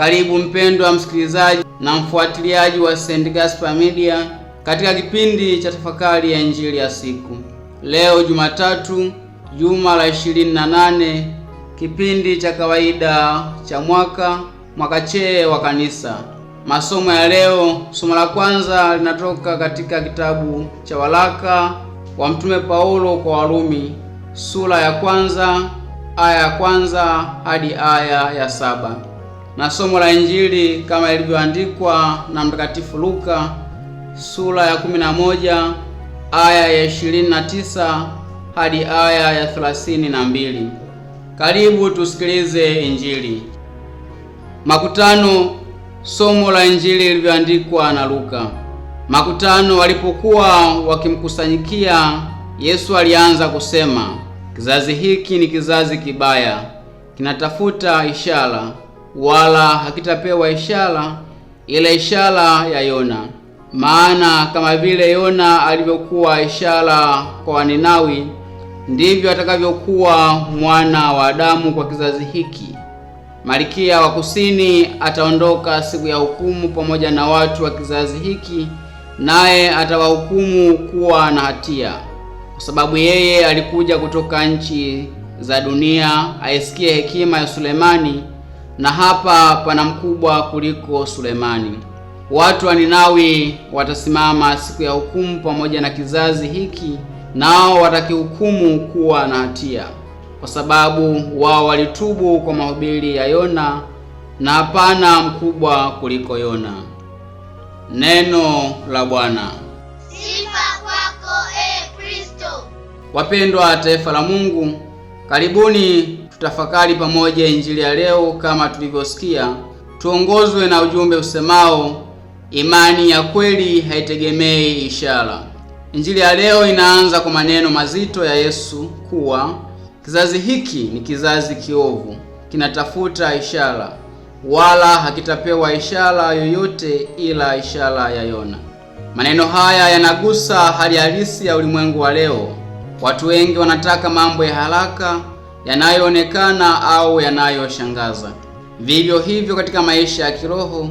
Karibu mpendwa msikilizaji na mfuatiliaji wa St. Gaspar Media katika kipindi cha tafakari ya injili ya siku leo, Jumatatu, juma la 28 kipindi cha kawaida cha mwaka mwaka che wa Kanisa. Masomo ya leo, somo la kwanza linatoka katika kitabu cha walaka wa Mtume Paulo kwa Warumi sura ya kwanza aya ya kwanza hadi aya ya saba na somo la Injili kama ilivyoandikwa na Mtakatifu Luka sura ya 11 aya ya 29 hadi aya ya 32. Karibu tusikilize Injili. Makutano. Somo la Injili lilivyoandikwa na Luka. Makutano walipokuwa wakimkusanyikia Yesu, alianza kusema, kizazi hiki ni kizazi kibaya, kinatafuta ishara wala hakitapewa ishara ila ishara ya Yona. Maana kama vile Yona alivyokuwa ishara kwa Waninawi, ndivyo atakavyokuwa mwana wa Adamu kwa kizazi hiki. Malikia wa Kusini ataondoka siku ya hukumu pamoja na watu wa kizazi hiki, naye atawahukumu kuwa na hatia, kwa sababu yeye alikuja kutoka nchi za dunia aisikie hekima ya Sulemani na hapa pana mkubwa kuliko Sulemani. Watu wa Ninawi watasimama siku ya hukumu pamoja na kizazi hiki, nao watakihukumu kuwa na hatia, kwa sababu wao walitubu kwa mahubiri ya Yona, na hapana mkubwa kuliko Yona. Neno la Bwana. Sifa kwako, eh, Kristo. Wapendwa taifa la Mungu, karibuni tutafakari pamoja injili ya leo kama tulivyosikia. Tuongozwe na ujumbe usemao imani ya kweli haitegemei ishara. Injili ya leo inaanza kwa maneno mazito ya Yesu kuwa kizazi hiki ni kizazi kiovu, kinatafuta ishara, wala hakitapewa ishara yoyote ila ishara ya Yona. Maneno haya yanagusa hali halisi ya ulimwengu wa leo. Watu wengi wanataka mambo ya haraka yanayoonekana au yanayoshangaza. Vivyo hivyo katika maisha ya kiroho,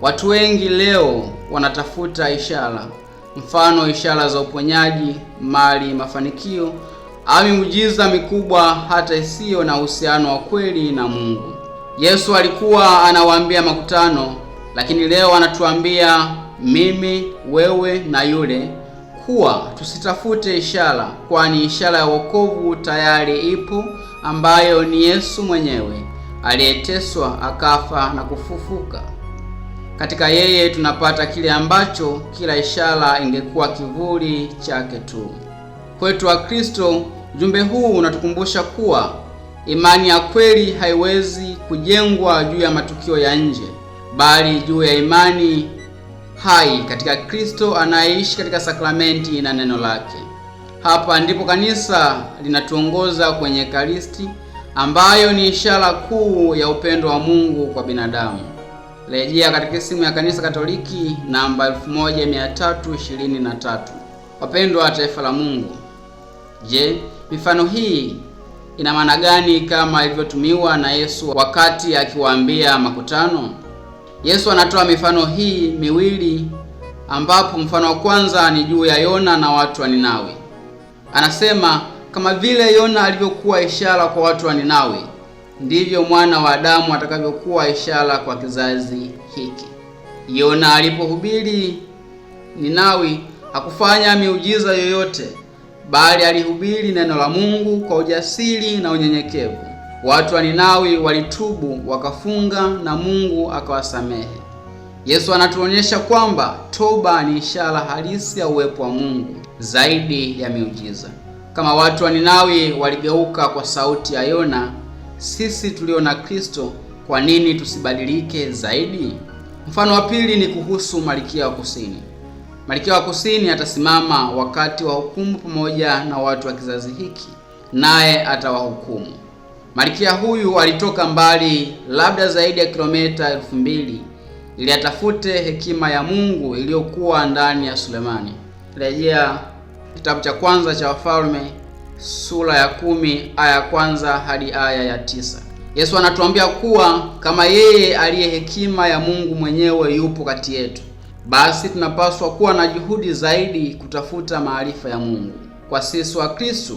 watu wengi leo wanatafuta ishara, mfano ishara za uponyaji, mali, mafanikio au miujiza mikubwa hata isiyo na uhusiano wa kweli na Mungu. Yesu alikuwa anawaambia makutano, lakini leo anatuambia mimi, wewe na yule kuwa tusitafute ishara, kwani ishara ya wokovu tayari ipo ambayo ni Yesu mwenyewe aliyeteswa akafa na kufufuka. Katika yeye tunapata kile ambacho kila ishara ingekuwa kivuli chake tu. Kwetu wa Kristo, ujumbe huu unatukumbusha kuwa imani ya kweli haiwezi kujengwa juu ya matukio ya nje, bali juu ya imani hai katika Kristo anayeishi katika sakramenti na neno lake. Hapa ndipo kanisa linatuongoza kwenye Ekaristi ambayo ni ishara kuu ya upendo wa Mungu kwa binadamu. Rejea simu ya Kanisa Katoliki namba 1323. Wapendwa wa taifa la Mungu, je, mifano hii ina maana gani kama ilivyotumiwa na Yesu wakati akiwaambia makutano? Yesu anatoa mifano hii miwili ambapo mfano wa kwanza ni juu ya Yona na watu wa Ninawi. Anasema kama vile Yona alivyokuwa ishara kwa watu wa Ninawi, ndivyo mwana wa Adamu atakavyokuwa ishara kwa kizazi hiki. Yona alipohubiri Ninawi hakufanya miujiza yoyote, bali alihubiri neno la Mungu kwa ujasiri na unyenyekevu. Watu wa Ninawi walitubu wakafunga, na Mungu akawasamehe. Yesu anatuonyesha kwamba toba ni ishara halisi ya uwepo wa Mungu zaidi ya miujiza. Kama watu wa Ninawi waligeuka kwa sauti ya Yona, sisi tulio na Kristo, kwa nini tusibadilike zaidi? Mfano wa pili ni kuhusu Malkia wa Kusini. Malkia wa Kusini atasimama wakati wa hukumu pamoja na watu wa kizazi hiki, naye atawahukumu. Malkia huyu alitoka mbali, labda zaidi ya kilomita elfu mbili ili atafute hekima ya Mungu iliyokuwa ndani ya Sulemani. Rejea Kitabu cha kwanza cha Wafalme sura ya kumi aya ya kwanza hadi aya ya tisa. Yesu anatuambia kuwa kama yeye aliye hekima ya Mungu mwenyewe yupo kati yetu, basi tunapaswa kuwa na juhudi zaidi kutafuta maarifa ya Mungu. Kwa sisi wa Kristo,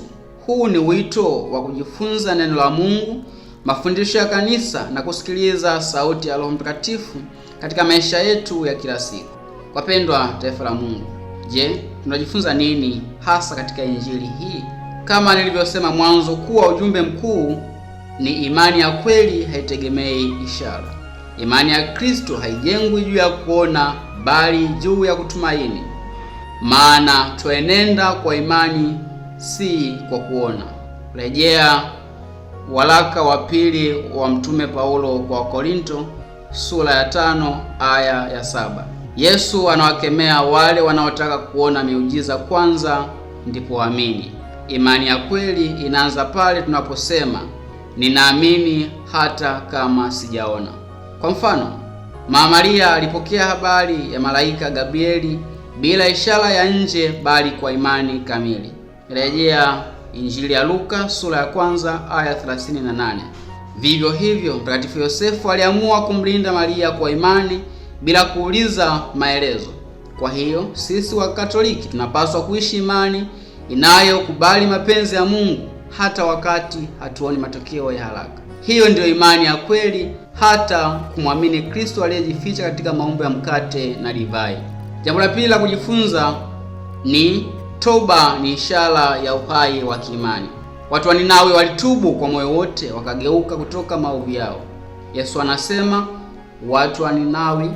huu ni wito wa kujifunza neno la Mungu, mafundisho ya kanisa na kusikiliza sauti ya Roho Mtakatifu katika maisha yetu ya kila siku. Wapendwa taifa la Mungu, Je, tunajifunza nini hasa katika injili hii? Kama nilivyosema mwanzo, kuwa ujumbe mkuu ni imani ya kweli haitegemei ishara. Imani ya Kristo haijengwi juu ya kuona, bali juu ya kutumaini. Maana twaenenda kwa imani, si kwa kuona. Rejea waraka wa pili wa Mtume Paulo kwa Korinto sura ya tano aya ya saba. Yesu anawakemea wale wanaotaka kuona miujiza kwanza ndipo waamini. Imani ya kweli inaanza pale tunaposema ninaamini hata kama sijaona. Kwa mfano, Mama Maria alipokea habari ya malaika Gabrieli bila ishara ya nje bali kwa imani kamili. Rejea Injili ya Luka sura ya kwanza aya 38. Vivyo hivyo Mtakatifu Yosefu aliamua kumlinda Maria kwa imani bila kuuliza maelezo. Kwa hiyo sisi wa Katoliki tunapaswa kuishi imani inayokubali mapenzi ya Mungu hata wakati hatuoni matokeo ya haraka. Hiyo ndiyo imani ya kweli, hata kumwamini Kristo aliyejificha katika maumbo ya mkate na divai. Jambo la pili la kujifunza ni toba ni ishara ya uhai wa kiimani. Watu wa Ninawi walitubu kwa moyo wote, wakageuka kutoka maovu yao. Yesu anasema Watu wa Ninawi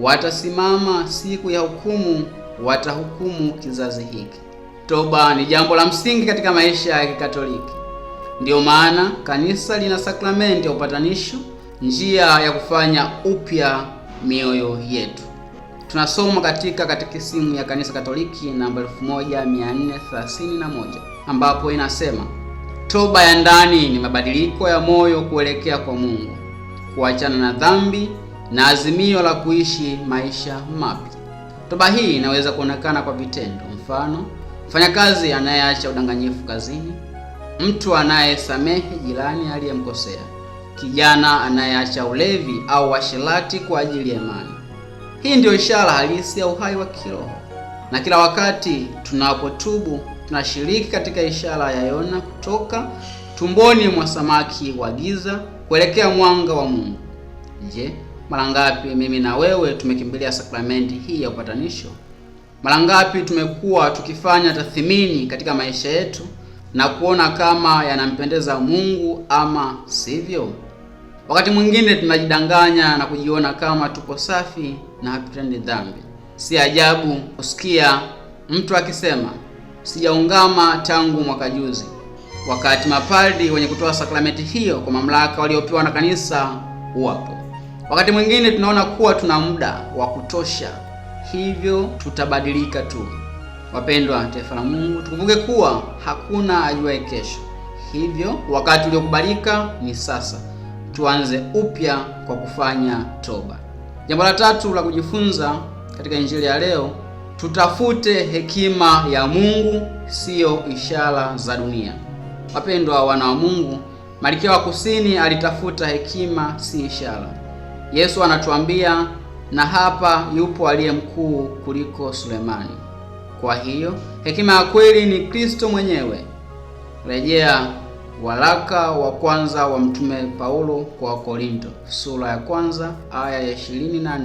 watasimama siku ya hukumu, watahukumu kizazi hiki. Toba ni jambo la msingi katika maisha ya Kikatoliki. Ndiyo maana kanisa lina sakramenti ya upatanisho, njia ya kufanya upya mioyo yetu. Tunasoma katika katekisimu ya kanisa Katoliki namba 1431 ambapo inasema toba ya ndani ni mabadiliko ya moyo kuelekea kwa Mungu kuachana na dhambi na azimio la kuishi maisha mapya. Toba hii inaweza kuonekana kwa vitendo, mfano mfanyakazi anayeacha udanganyifu kazini, mtu anayesamehe jirani aliyemkosea, kijana anayeacha ulevi au washirati kwa ajili ya imani. Hii ndiyo ishara halisi ya uhai wa kiroho, na kila wakati tunapotubu tunashiriki katika ishara ya Yona kutoka tumboni mwa samaki wa giza kuelekea mwanga wa Mungu. Je, mara ngapi mimi na wewe tumekimbilia sakramenti hii ya upatanisho? Mara ngapi tumekuwa tukifanya tathmini katika maisha yetu na kuona kama yanampendeza Mungu ama sivyo? Wakati mwingine tunajidanganya na kujiona kama tuko safi na hatutendi dhambi. Si ajabu kusikia mtu akisema sijaungama tangu mwaka juzi, wakati mapadri wenye kutoa sakramenti hiyo kwa mamlaka waliopewa na kanisa huwapo. Wakati mwingine tunaona kuwa tuna muda wa kutosha, hivyo tutabadilika tu. Wapendwa taifa la Mungu, tukumbuke kuwa hakuna ajuaye kesho, hivyo wakati uliokubalika ni sasa. Tuanze upya kwa kufanya toba. Jambo la tatu la kujifunza katika injili ya leo, tutafute hekima ya Mungu, siyo ishara za dunia. Wapendwa wana wa Mungu, Malkia wa Kusini alitafuta hekima, si ishara. Yesu anatuambia, na hapa yupo aliye mkuu kuliko Sulemani. Kwa hiyo hekima ya kweli ni Kristo mwenyewe. Rejea waraka wa kwanza wa Mtume Paulo kwa Korinto sura ya kwanza aya ya 24.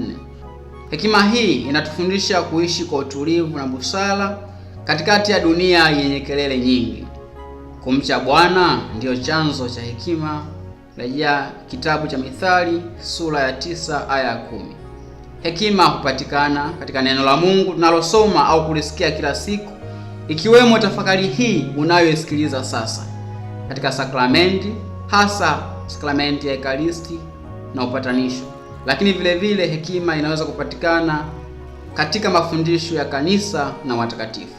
Hekima hii inatufundisha kuishi kwa utulivu na busara katikati ya dunia yenye kelele nyingi. Kumcha Bwana ndiyo chanzo cha hekima. Rejea kitabu cha Mithali sura ya tisa aya ya kumi. Hekima hupatikana katika neno la Mungu tunalosoma au kulisikia kila siku, ikiwemo tafakari hii unayoisikiliza sasa, katika sakramenti, hasa sakramenti ya Ekaristi na upatanisho. Lakini vile vile hekima inaweza kupatikana katika mafundisho ya kanisa na watakatifu.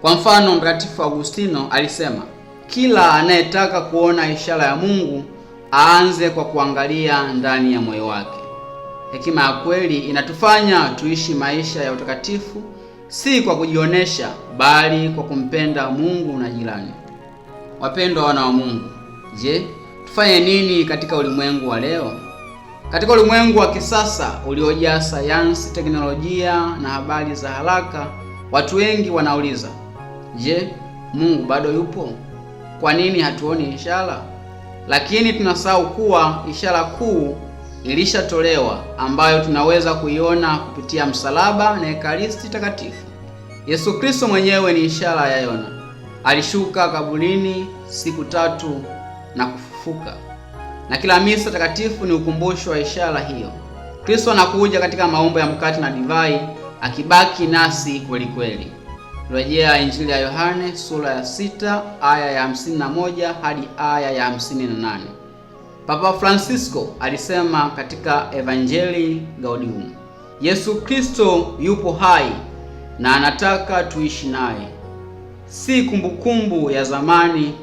Kwa mfano, Mtakatifu Augustino alisema kila anayetaka kuona ishara ya Mungu aanze kwa kuangalia ndani ya moyo wake. Hekima ya kweli inatufanya tuishi maisha ya utakatifu, si kwa kujionesha, bali kwa kumpenda Mungu na jirani. Wapendwa wana wa Mungu, je, tufanye nini katika ulimwengu wa leo? Katika ulimwengu wa kisasa uliojaa sayansi, teknolojia na habari za haraka, watu wengi wanauliza, je, Mungu bado yupo? kwa nini hatuoni ishara? Lakini tunasahau kuwa ishara kuu ilishatolewa ambayo tunaweza kuiona kupitia msalaba na Ekaristi Takatifu. Yesu Kristo mwenyewe ni ishara ya Yona. Alishuka kaburini siku tatu na kufufuka, na kila misa takatifu ni ukumbusho wa ishara hiyo. Kristo anakuja katika maumbo ya mkate na divai, akibaki nasi kweli kweli. Rejea Injili ya Yohane sura ya sita aya ya hamsini na moja hadi aya ya hamsini na nane. Papa Francisco alisema katika Evangelii Gaudium, Yesu Kristo yupo hai na anataka tuishi naye, si kumbukumbu kumbu ya zamani,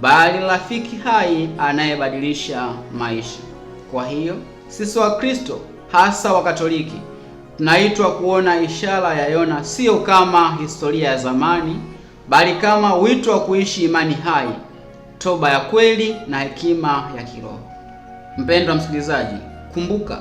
bali rafiki hai anayebadilisha maisha. Kwa hiyo sisi wa Kristo hasa wakatoliki tunaitwa kuona ishara ya Yona sio kama historia ya zamani, bali kama wito wa kuishi imani hai, toba ya kweli na hekima ya kiroho. Mpendwa msikilizaji, kumbuka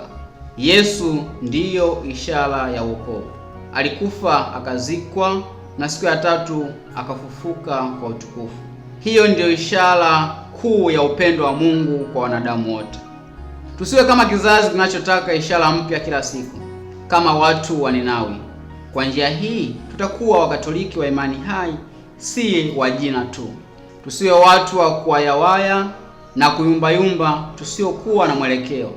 Yesu ndiyo ishara ya wokovu. Alikufa, akazikwa na siku ya tatu akafufuka kwa utukufu. Hiyo ndiyo ishara kuu ya upendo wa Mungu kwa wanadamu wote. Tusiwe kama kizazi kinachotaka ishara mpya kila siku kama watu wa Ninawi. Kwa njia hii tutakuwa Wakatoliki wa imani hai, si wa jina tu. Tusiwe watu wa kuwayawaya na kuyumbayumba, tusiokuwa na mwelekeo.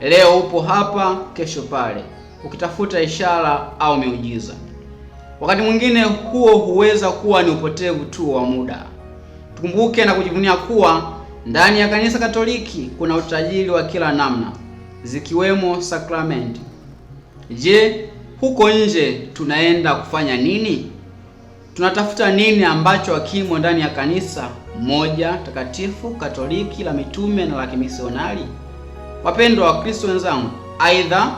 Leo upo hapa, kesho pale, ukitafuta ishara au miujiza. Wakati mwingine huo huweza kuwa ni upotevu tu wa muda. Tukumbuke na kujivunia kuwa ndani ya Kanisa Katoliki kuna utajiri wa kila namna, zikiwemo sakramenti. Je, huko nje tunaenda kufanya nini? Tunatafuta nini ambacho akimo ndani ya kanisa moja takatifu Katoliki la mitume na la kimisionari? Wapendwa wa Kristo wenzangu, aidha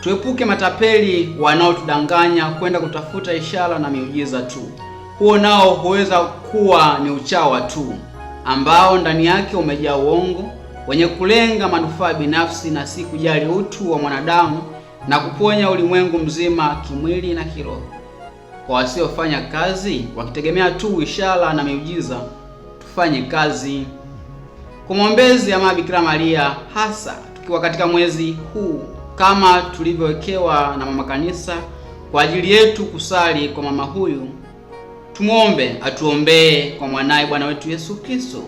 tuepuke matapeli wanaotudanganya kwenda kutafuta ishara na miujiza tu. Huo nao huweza kuwa ni uchawa tu ambao ndani yake umejaa uongo wenye kulenga manufaa binafsi na si kujali utu wa mwanadamu na kuponya ulimwengu mzima kimwili na kiroho. Kwa wasiofanya kazi wakitegemea tu ishara na miujiza, tufanye kazi. Kwa maombezi ya Mama Bikira Maria, hasa tukiwa katika mwezi huu kama tulivyowekewa na mama kanisa kwa ajili yetu kusali kwa mama huyu, tumwombe atuombee kwa mwanaye Bwana wetu Yesu Kristo,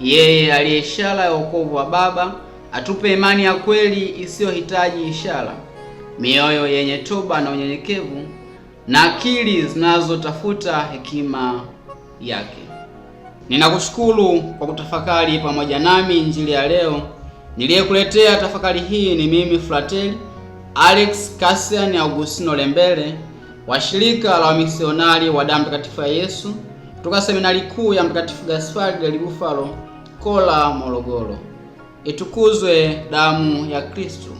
yeye aliye ishara ya wokovu wa Baba, atupe imani ya kweli isiyohitaji ishara mioyo yenye toba na unyenyekevu, na akili zinazotafuta hekima yake. Ninakushukuru kwa kutafakari pamoja nami injili ya leo. Niliyekuletea tafakari hii ni mimi Frateli Alex Cassian Augustino Lembele wa shirika la wamisionari wa damu takatifu ya Yesu kutoka seminari kuu ya Mtakatifu Gaspari del Bufalo, Kola, Morogoro. Itukuzwe damu ya Kristo!